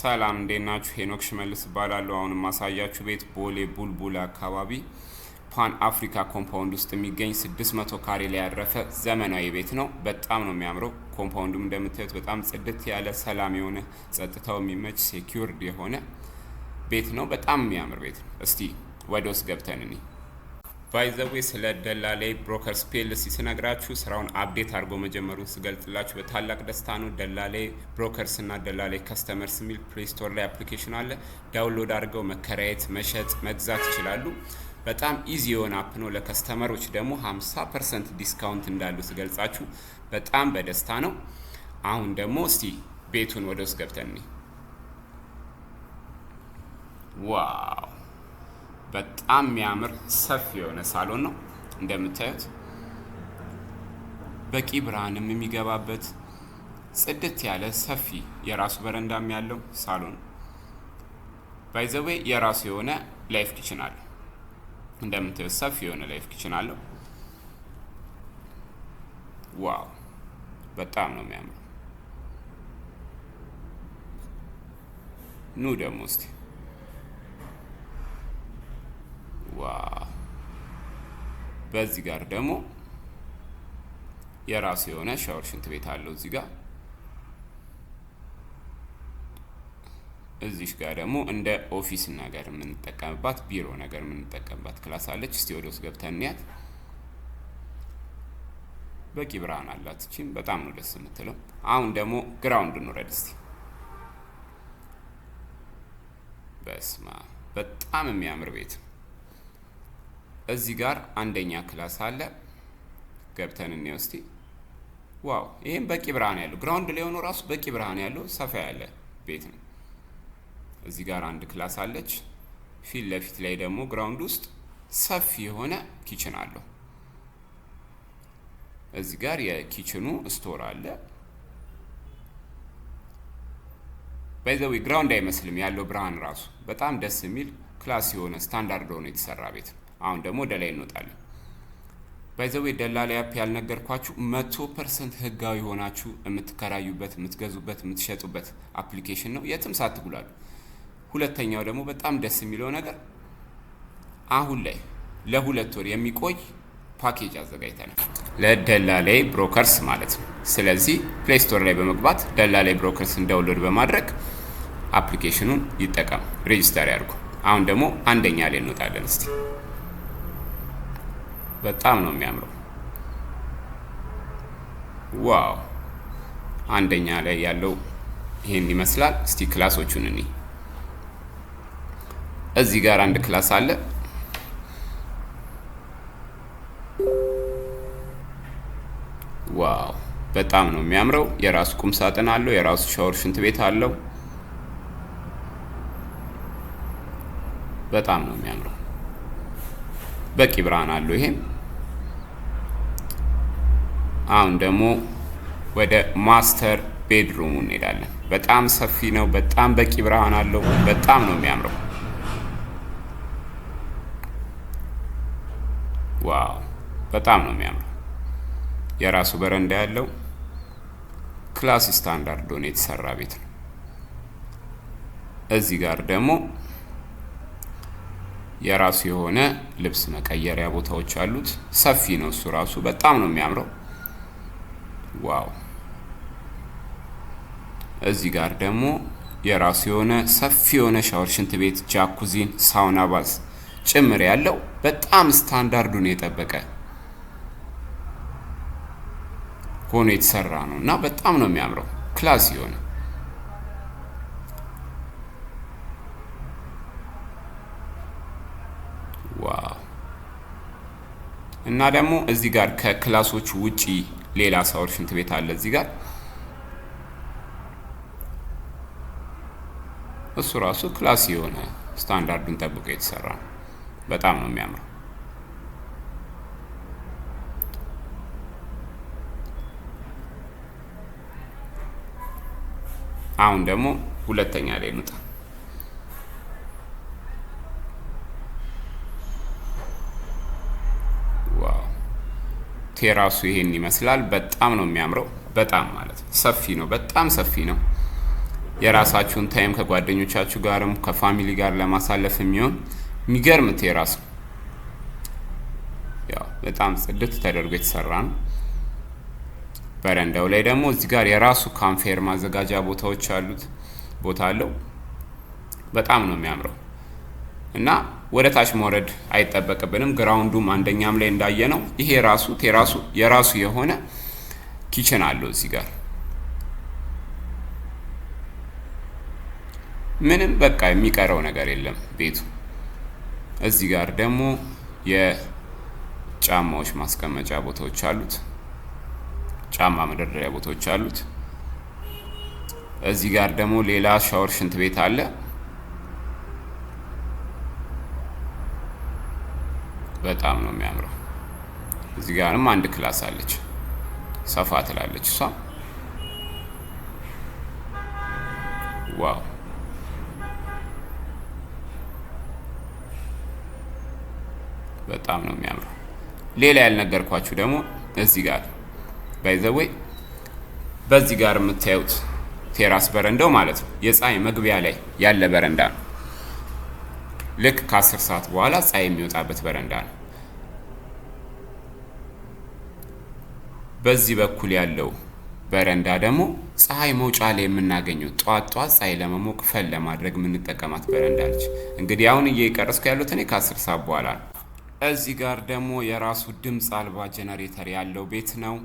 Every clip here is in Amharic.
ሰላም እንዴት ናችሁ? ሄኖክ ሽመልስ እባላለሁ። አሁን የማሳያችሁ ቤት ቦሌ ቡልቡል አካባቢ ፓን አፍሪካ ኮምፓውንድ ውስጥ የሚገኝ 600 ካሬ ላይ ያረፈ ዘመናዊ ቤት ነው። በጣም ነው የሚያምረው። ኮምፓውንዱም እንደምታዩት በጣም ጽድት ያለ ሰላም የሆነ ጸጥታው የሚመች ሴኪውርድ የሆነ ቤት ነው። በጣም የሚያምር ቤት ነው። እስቲ ወደ ውስጥ ገብተን እኔ ባይዘዌ ስለ ደላላይ ብሮከር ስፔልስ ሲነግራችሁ ስራውን አፕዴት አድርጎ መጀመሩ ስገልጥላችሁ በታላቅ ደስታ ነው። ደላላይ ብሮከርስ እና ደላላይ ከስተመርስ የሚል ፕሌስቶር ላይ አፕሊኬሽን አለ። ዳውንሎድ አድርገው መከራየት፣ መሸጥ፣ መግዛት ይችላሉ። በጣም ኢዚ የሆነ አፕ ነው። ለከስተመሮች ደግሞ 50 ፐርሰንት ዲስካውንት እንዳሉ ስገልጻችሁ በጣም በደስታ ነው። አሁን ደግሞ እስቲ ቤቱን ወደ ውስጥ ገብተን ዋ በጣም የሚያምር ሰፊ የሆነ ሳሎን ነው እንደምታዩት። በቂ ብርሃንም የሚገባበት ጽድት ያለ ሰፊ የራሱ በረንዳም ያለው ሳሎን ባይዘዌ የራሱ የሆነ ላይፍ ኪችን አለው። እንደምታዩት ሰፊ የሆነ ላይፍ ኪችን አለው። ዋው በጣም ነው የሚያምር ኑ ደግሞ እስቲ በዚህ ጋር ደግሞ የራሱ የሆነ ሻወር ሽንት ቤት አለው እዚህ ጋር እዚሽ ጋር ደግሞ እንደ ኦፊስ ነገር የምንጠቀምባት ቢሮ ነገር የምንጠቀምባት ክላስ አለች። እስቲ ወደ ውስጥ ገብተን እንያት። በቂ ብርሃን አላት። እቺም በጣም ነው ደስ የምትለው። አሁን ደግሞ ግራውንድ እንውረድ እስቲ። በስማ በጣም የሚያምር ቤት እዚህ ጋር አንደኛ ክላስ አለ። ገብተን እኔ እስቲ። ዋው ይህም በቂ ብርሃን ያለው ግራውንድ ላይ ሆኖ ራሱ በቂ ብርሃን ያለው ሰፋ ያለ ቤት ነው። እዚህ ጋር አንድ ክላስ አለች። ፊት ለፊት ላይ ደግሞ ግራውንድ ውስጥ ሰፊ የሆነ ኪችን አለው። እዚህ ጋር የኪችኑ ስቶር አለ። ባይዘዊ ግራውንድ አይመስልም ያለው ብርሃን ራሱ በጣም ደስ የሚል ክላስ የሆነ ስታንዳርድ ሆኖ የተሰራ ቤት ነው። አሁን ደግሞ ወደ ላይ እንወጣለን። ባይዘዌ ደላላ አፕ ያልነገርኳችሁ መቶ ፐርሰንት ህጋዊ ሆናችሁ የምትከራዩበት የምትገዙበት የምትሸጡበት አፕሊኬሽን ነው። የትም ሳትጉላሉ። ሁለተኛው ደግሞ በጣም ደስ የሚለው ነገር አሁን ላይ ለሁለት ወር የሚቆይ ፓኬጅ አዘጋጅተናል ለደላላይ ብሮከርስ ማለት ነው። ስለዚህ ፕሌይ ስቶር ላይ በመግባት ደላላይ ብሮከርስ ዳውንሎድ በማድረግ አፕሊኬሽኑን ይጠቀም፣ ሬጅስተር ያድርጉ። አሁን ደግሞ አንደኛ ላይ እንወጣለን እስቲ በጣም ነው የሚያምረው። ዋው አንደኛ ላይ ያለው ይሄን ይመስላል። እስቲ ክላሶቹን እኔ እዚህ ጋር አንድ ክላስ አለ። ዋው በጣም ነው የሚያምረው። የራሱ ቁም ሳጥን አለው። የራሱ ሻወር ሽንት ቤት አለው። በጣም ነው የሚያምረው። በቂ ብርሃን አለው። ይሄም አሁን ደግሞ ወደ ማስተር ቤድሩሙ እንሄዳለን። በጣም ሰፊ ነው። በጣም በቂ ብርሃን አለው። በጣም ነው የሚያምረው። ዋው በጣም ነው የሚያምረው። የራሱ በረንዳ ያለው ክላስ ስታንዳርድ ሆነ የተሰራ ቤት ነው። እዚህ ጋር ደግሞ የራሱ የሆነ ልብስ መቀየሪያ ቦታዎች አሉት። ሰፊ ነው እሱ ራሱ በጣም ነው የሚያምረው። ዋው! እዚህ ጋር ደግሞ የራሱ የሆነ ሰፊ የሆነ ሻወር፣ ሽንት ቤት፣ ጃኩዚን፣ ሳውና ባዝ ጭምር ያለው በጣም ስታንዳርዱን የጠበቀ ሆኖ የተሰራ ነው እና በጣም ነው የሚያምረው ክላስ የሆነ እና ደግሞ እዚህ ጋር ከክላሶቹ ውጪ ሌላ ሳውር ሽንት ቤት አለ እዚህ ጋር እሱ ራሱ ክላስ የሆነ ስታንዳርዱን ጠብቆ የተሰራ ነው። በጣም ነው የሚያምረው። አሁን ደግሞ ሁለተኛ ላይ ምጣ ቴራሱ ይሄን ይመስላል። በጣም ነው የሚያምረው። በጣም ማለት ሰፊ ነው፣ በጣም ሰፊ ነው። የራሳችሁን ታይም ከጓደኞቻችሁ ጋርም ከፋሚሊ ጋር ለማሳለፍ የሚሆን የሚገርም ቴራስ ነው። ያው በጣም ጽድት ተደርጎ የተሰራ ነው። በረንዳው ላይ ደግሞ እዚህ ጋር የራሱ ካንፌር ማዘጋጃ ቦታዎች አሉት ቦታ አለው። በጣም ነው የሚያምረው እና ወደ ታች መውረድ አይጠበቅብንም። ግራውንዱም አንደኛም ላይ እንዳየ ነው። ይሄ ራሱ ቴራሱ የራሱ የሆነ ኪችን አለው እዚህ ጋር ምንም በቃ የሚቀረው ነገር የለም ቤቱ። እዚህ ጋር ደግሞ የጫማዎች ማስቀመጫ ቦታዎች አሉት፣ ጫማ መደርደሪያ ቦታዎች አሉት። እዚህ ጋር ደግሞ ሌላ ሻወር ሽንት ቤት አለ። በጣም ነው የሚያምረው። እዚህ ጋርም አንድ ክላስ አለች፣ ሰፋ ትላለች እሷ። ዋው በጣም ነው የሚያምረው። ሌላ ያልነገርኳችሁ ደግሞ እዚህ ጋር ባይዘወይ በዚህ ጋር የምታዩት ቴራስ በረንዳው ማለት ነው የፀሐይ መግቢያ ላይ ያለ በረንዳ ነው። ልክ ከአስር ሰዓት በኋላ ፀሐይ የሚወጣበት በረንዳ ነው። በዚህ በኩል ያለው በረንዳ ደግሞ ፀሐይ መውጫ ላይ የምናገኘው ጠዋት ፀሐይ ለመሞቅ ፈን ለማድረግ የምንጠቀማት በረንዳ ነች። እንግዲህ አሁን እየቀረስኩ ያሉት እኔ ከ10 ሰዓት በኋላ ነው። እዚህ ጋር ደግሞ የራሱ ድምፅ አልባ ጀነሬተር ያለው ቤት ነው።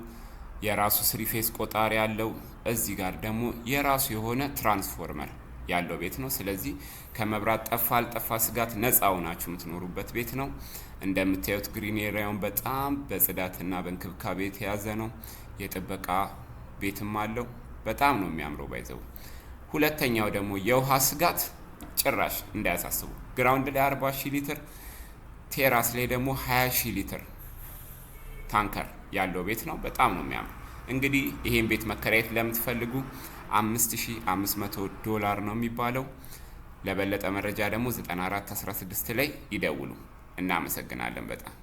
የራሱ ስሪፌስ ቆጣሪ ያለው። እዚህ ጋር ደግሞ የራሱ የሆነ ትራንስፎርመር ያለው ቤት ነው። ስለዚህ ከመብራት ጠፋ አልጠፋ ስጋት ነፃ ሆናችሁ የምትኖሩበት ቤት ነው። እንደምታዩት ግሪን ኤሪያውን በጣም በጽዳትና በእንክብካቤ የተያዘ ነው። የጥበቃ ቤትም አለው። በጣም ነው የሚያምረው። ባይዘው ሁለተኛው ደግሞ የውሃ ስጋት ጭራሽ እንዳያሳስቡ። ግራውንድ ላይ 40 ሺ ሊትር ቴራስ ላይ ደግሞ 20 ሺ ሊትር ታንከር ያለው ቤት ነው። በጣም ነው የሚያምረው። እንግዲህ ይሄን ቤት መከራየት ለምትፈልጉ 5500 ዶላር ነው የሚባለው። ለበለጠ መረጃ ደግሞ 9416 ላይ ይደውሉ። እናመሰግናለን በጣም